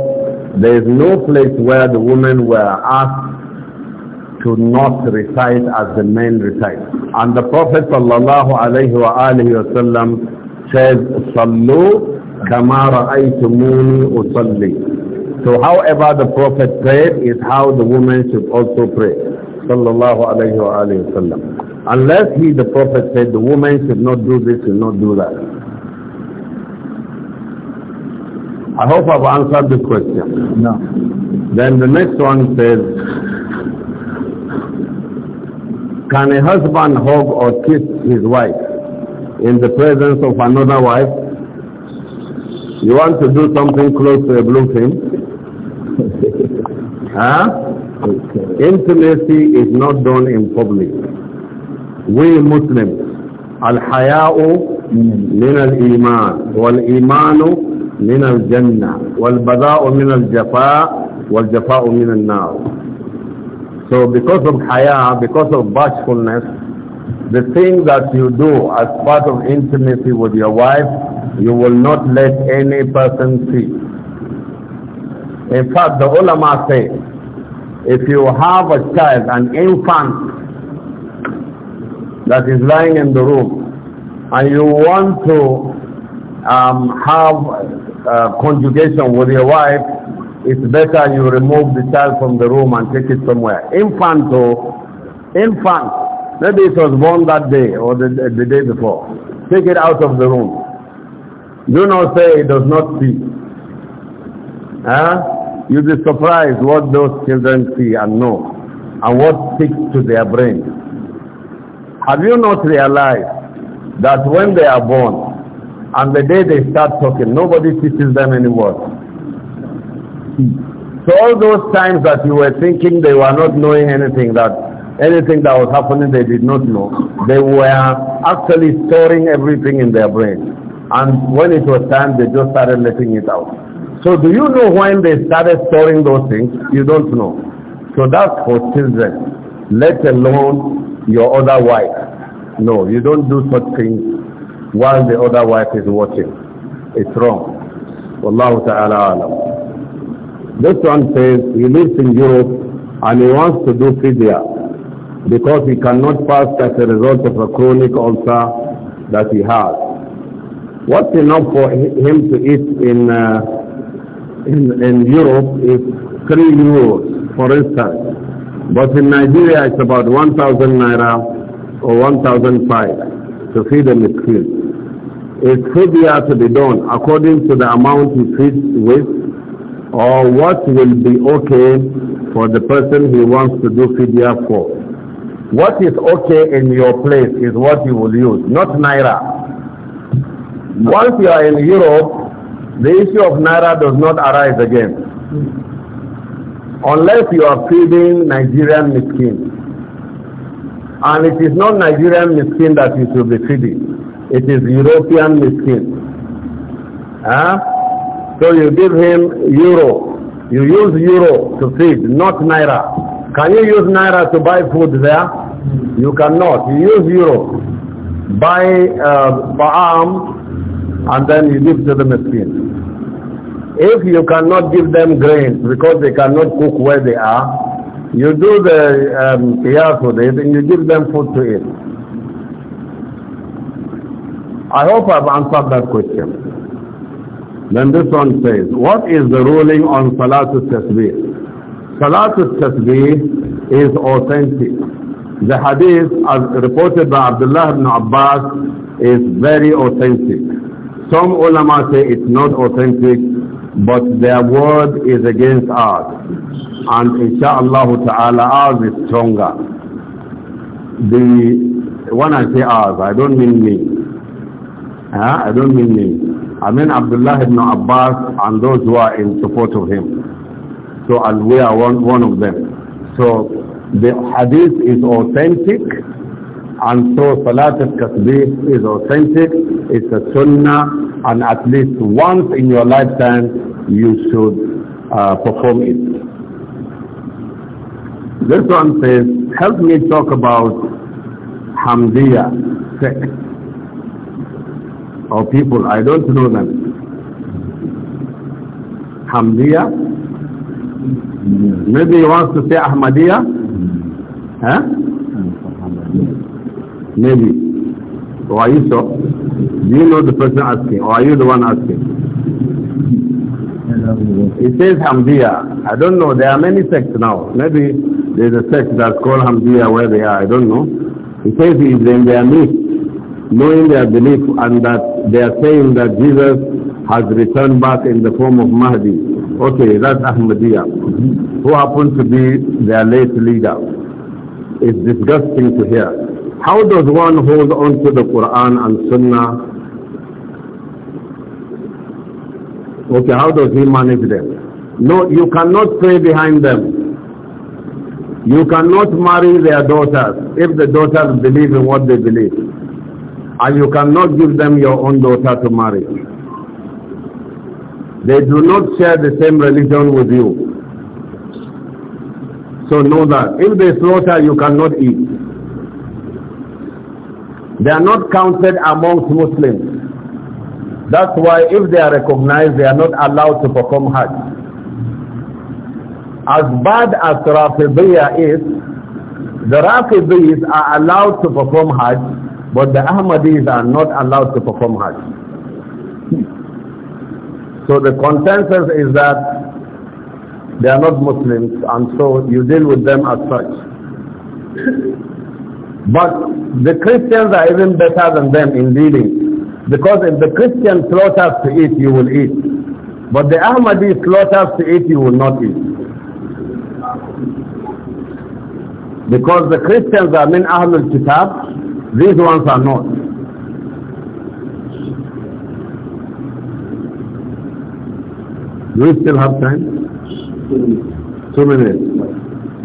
there is no place where the women were asked to not recite as the men recite. And the Prophet sallallahu alayhi wa alihi wasallam says, Sallu kama ra'aytumuni usalli. So however the Prophet prayed is how the women should also pray. Sallallahu alayhi wa alihi Unless he, the Prophet said, the woman should not do this, should not do that. I hope I've answered the question. No. Then the next one says, can a husband hug or kiss his wife in the presence of another wife? You want to do something close to a blue thing? huh? Okay. Intimacy is not done in public. We Muslims, al-haya'u mm. min al-iman, wal-imanu من الجنة والبذاء من الجفاء والجفاء من النار so because of haya because of bashfulness the thing that you do as part of intimacy with your wife you will not let any person see in fact the ulama say if you have a child an infant that is lying in the room and you want to um, have uh, conjugation with your wife, it's better you remove the child from the room and take it somewhere. Infant, though, infant, maybe it was born that day or the, the day before. Take it out of the room. Do not say it does not see. Huh? You'll be surprised what those children see and know and what sticks to their brain. Have you not realized that when they are born, and the day they start talking, nobody teaches them any word. So all those times that you were thinking they were not knowing anything, that anything that was happening they did not know, they were actually storing everything in their brain. And when it was time, they just started letting it out. So do you know when they started storing those things? You don't know. So that's for children, let alone your other wife. No, you don't do such things while the other wife is watching. It's wrong. Wallahu ta'ala alam. This one says he lives in Europe and he wants to do fidya because he cannot fast as a result of a chronic ulcer that he has. What's enough for him to eat in, uh, in, in Europe is 3 euros, for instance. But in Nigeria, it's about 1,000 naira or 1,005 to feed a miskin is fidya to be done according to the amount he feeds with or what will be okay for the person he wants to do fidya for. What is okay in your place is what you will use, not naira. Once you are in Europe, the issue of naira does not arise again. Unless you are feeding Nigerian miskin. And it is not Nigerian miskin that you should be feeding. It is European miskin. Huh? So you give him euro. You use euro to feed, not naira. Can you use naira to buy food there? You cannot. You use euro. Buy uh, ba'am and then you give to the miskin. If you cannot give them grain because they cannot cook where they are, you do the um, with it and you give them food to eat. I hope I've answered that question. Then this one says, what is the ruling on Salatul Tasbih? Salatul Tasbih is authentic. The hadith as reported by Abdullah ibn Abbas is very authentic. Some ulama say it's not authentic, but their word is against ours. And insha'Allah ta'ala ours is stronger. The, when I say ours, I don't mean me I don't mean me. I mean Abdullah ibn Abbas and those who are in support of him. So, and we are one, one of them. So, the hadith is authentic and so Salat al-Tasbih is authentic, it's a sunnah and at least once in your lifetime you should uh, perform it. This one says, help me talk about Hamdiya sect or people, I don't know them. Hamdiya? Maybe he wants to say Ahmadiyya? Huh? Maybe. Or are you so? Do you know the person asking? Or are you the one asking? It says Hamdiya. I don't know. There are many sects now. Maybe there's a sect that's called Hamdiya where they are. I don't know. It says he's in their midst knowing their belief and that they are saying that Jesus has returned back in the form of Mahdi. Okay, that's Ahmadiyya, who happens to be their late leader. It's disgusting to hear. How does one hold on to the Quran and Sunnah? Okay, how does he manage them? No, you cannot pray behind them. You cannot marry their daughters if the daughters believe in what they believe and you cannot give them your own daughter to marry. They do not share the same religion with you. So know that if they slaughter, you cannot eat. They are not counted amongst Muslims. That's why if they are recognized, they are not allowed to perform Hajj. As bad as Rafidiyya is, the Rafidiyys are allowed to perform Hajj but the Ahmadis are not allowed to perform Hajj. So the consensus is that they are not Muslims and so you deal with them as such. But the Christians are even better than them in dealing because if the Christian slaughters to eat, you will eat. But the Ahmadi slaughters to eat, you will not eat. Because the Christians are min Ahlul Kitab these ones are not. Do we still have time? Two minutes.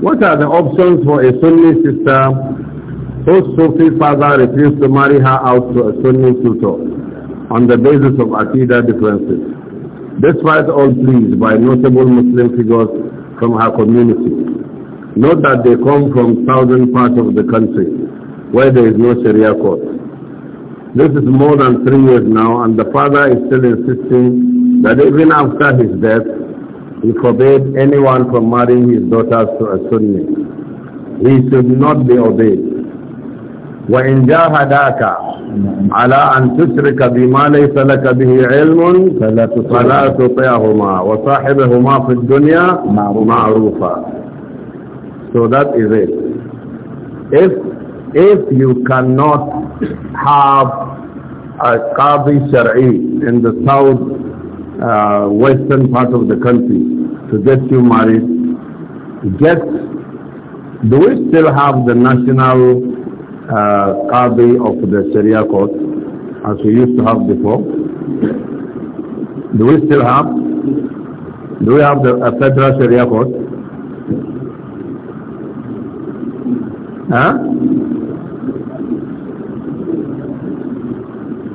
What are the options for a Sunni sister whose Sufi father refused to marry her out to a Sunni tutor on the basis of Aqidah differences? despite all pleas by notable Muslim figures from her community. Note that they come from southern parts of the country where there is no Sharia court. This is more than three years now and the father is still insisting that even after his death, he forbade anyone from marrying his daughters to a Sunni. He should not be obeyed. وإن جاهداك على أن تشرك بما ليس لك به علم فلا تطيعهما وصاحبهما في الدنيا معروفا So that is it. If if you cannot have a Qadi Shari'i in the south uh, western part of the country to get you married, get, do we still have the national uh, Qadi of the Sharia court as we used to have before? Do we still have? Do we have the federal Sharia court? Huh?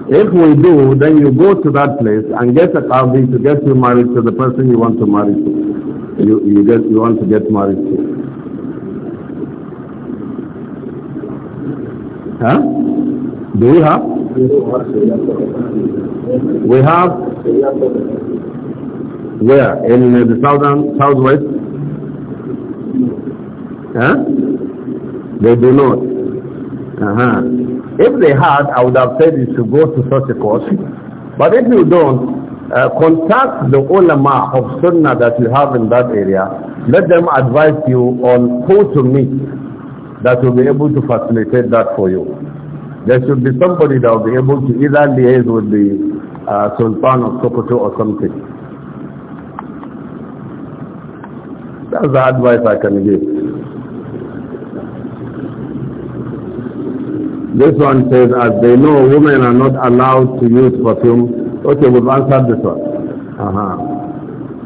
If we do, then you go to that place and get a qadi to get you married to the person you want to marry to. You, you, get, you want to get married to. Huh? Do we have? We have where? In the southern, southwest? Huh? They do not. Uh-huh. If they had, I would have said you should go to such a course. But if you don't, uh, contact the ulama of sunnah that you have in that area. Let them advise you on who to meet that will be able to facilitate that for you. There should be somebody that will be able to either liaise with the uh, Sultan of Sokoto or something. That's the advice I can give. This one says, as they know, women are not allowed to use perfume. Okay, we've answered this one. Uh -huh.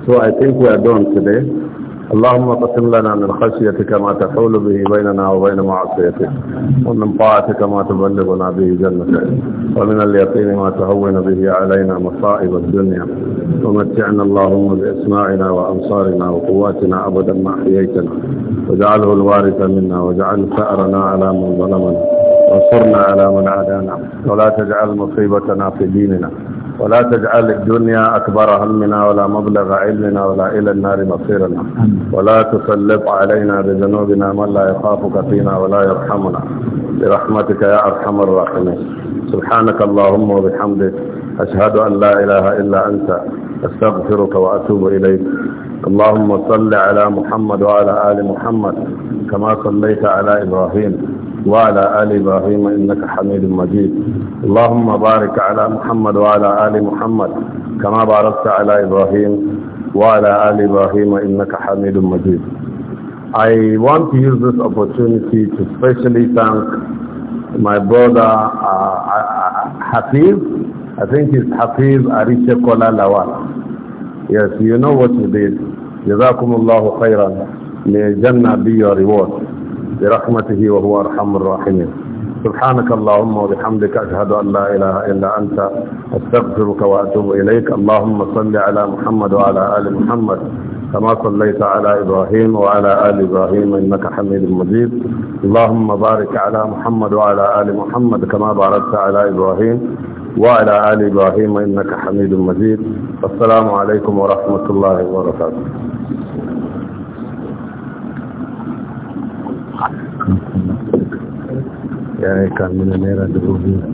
So I think we are done today. اللهم قسم لنا من خشيتك ما تحول به بيننا وبين معصيتك ومن طاعتك ما تبلغنا به جنتك ومن اليقين ما تهون به علينا مصائب الدنيا ومتعنا اللهم باسماعنا وابصارنا وقواتنا ابدا ما احييتنا واجعله الوارث منا واجعل ثارنا على من ظلمنا وانصرنا على من عادانا ولا تجعل مصيبتنا في ديننا ولا تجعل الدنيا أكبر همنا ولا مبلغ علمنا ولا إلى النار مصيرنا ولا تسلط علينا بذنوبنا من لا يخافك فينا ولا يرحمنا برحمتك يا أرحم الراحمين سبحانك اللهم وبحمدك أشهد أن لا إله إلا أنت أستغفرك وأتوب إليك اللهم صل على محمد وعلى آل محمد كما صليت على إبراهيم وعلى آل إبراهيم إنك حميد مجيد اللهم بارك على محمد وعلى آل محمد كما باركت على إبراهيم وعلى آل إبراهيم إنك حميد مجيد I want to use this opportunity to specially thank my brother uh, Hafiz. I think it's Hafiz Arisha Kola Lawal. Yes, you know what you did. Jazakumullahu khairan. May Jannah be your reward. برحمته وهو أرحم الراحمين سبحانك اللهم وبحمدك أشهد أن لا إله إلا أنت أستغفرك وأتوب إليك اللهم صل على محمد وعلى آل محمد كما صليت على إبراهيم وعلى آل إبراهيم إنك حميد مجيد اللهم بارك على محمد وعلى آل محمد كما باركت على إبراهيم وعلى آل إبراهيم إنك حميد مجيد السلام عليكم ورحمة الله وبركاته ya yi kamina naira dubu biyu